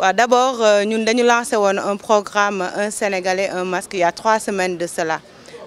waaw d'abord euh, ñun dañu lancé woon un programme un sénégalais un masque il trois semaines de sela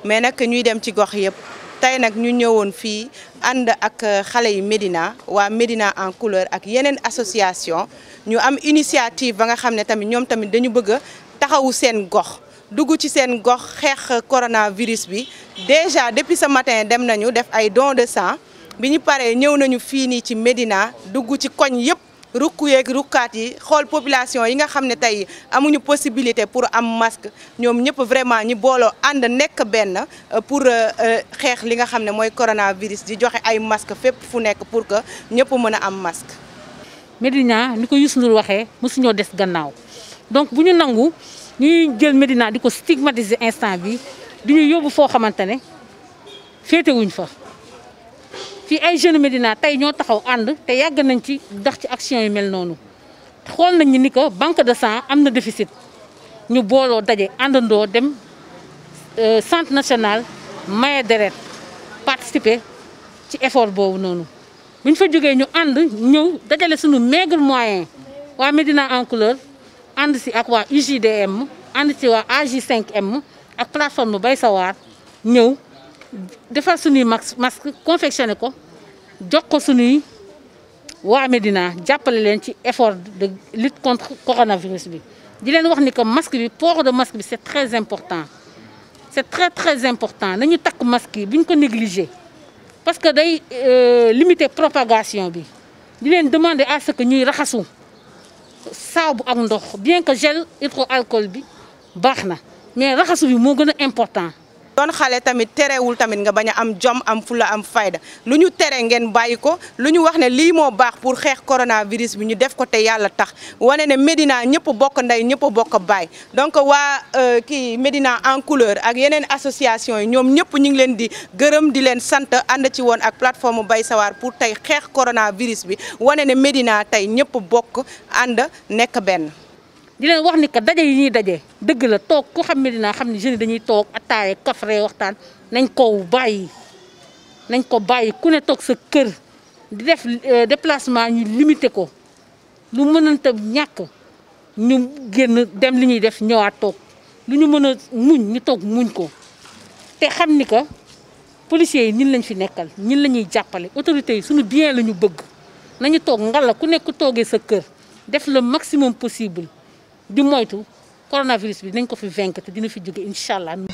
mais nag ñuy dem ci gox yëpp tey nag ñu ñëwoon fii ànd ak euh, xale yi Médina waa Médina en couleur ak yeneen association ñu am initiative ba nga xam ne tamit ñoom tamit dañu bëgg a taxawu seen gox dugg ci seen gox xeex coronavirus bi déjà depuis sa matin dem nañu def ay don de sang bi ñu paree ñëw nañu fii nii ci Médina dugg ci koñ yëpp rukk yeeg rukkaat yi xool population yi nga xam ne tey amuñu possibilité pour am masque ñoom ñëpp vraiment ñi booloo ànd nekk benn euh, pour euh, euh, xeex li nga xam ne mooy coronavirus di joxe ay masque fépp fu nekk pour que ñëpp mën a am masque. Médina ni ko Youssou Ndour waxee mosuñoo des gannaaw donc bu ñu nangu. ñuy jël Médina di ko stigmatiser instant bi di ñu yóbbu foo xamante ne féetewuñ fa fii ay jeunes Médina tey ñoo taxaw ànd te yàgg nañ ci ndax ci action yi mel noonu xool nañ ni que banque de sang am na déficit ñu booloo daje àndandoo dem euh, centre nationale maye deret participer ci effort boobu noonu buñ fa jógee ñu ànd ñëw dajale sunu maigre moyen waa Médina en couleur ànd si ak waa UJDM ànd si waa AJ5M ak plateforme Bay Sa War ñëw defar suñuy masque confectionné ko jox ko suñuy waa Médina jàppale leen ci effort de lutte contre coronavirus bi di leen wax ni que masque bi port de masque bi c'est très important c'est très très important nañu takk masque yi ko négligé parce que day euh, limiter propagation bi di leen demander à ce que ñuy raxasu bien que gel hydroalcool mais c'est important doon xale tamit terewul tamit nga bañ a am jom am fula am fayda lu ñu tere ngeen bàyyi ko lu ñu wax ne lii moo baax pour xeex coronavirus bi ñu def ko te yàlla tax wane ne Médina ñëpp bokk ndey ñëpp bokk baay donc waa euh, kii Médina en couleur ak yeneen association yi ñoom ñëpp ñu ngi leen di gërëm di leen sant ànd ci woon ak plateforme Bay Sawar pour tey xeex coronavirus bi wane ne Médina tey ñëpp bokk ànd nekk benn di leen wax ni que daje yi ñuy daje dëgg la toog ku xam ne dinaa xam ne jeunes dañuy toog attaaye kafre waxtaan nañ ko bàyyi nañ ko bàyyi ku ne toog sa kër di def euh, déplacement ñu limité ko lu mënanta ñàkk ñu génn dem li ñuy def ñëwaat toog lu ñu mën a muñ ñu toog muñ ko te xam ni ko policiers yi ñin lañ fi nekkal ñun la ñuy jàppale autorités yi suñu bien la ñu bëgg nañu toog ngalla ku nekk toogee sa kër def le maximum possible di moytu coronavirus bi nañ ko fi vaincre te dina fi jóge incha allah.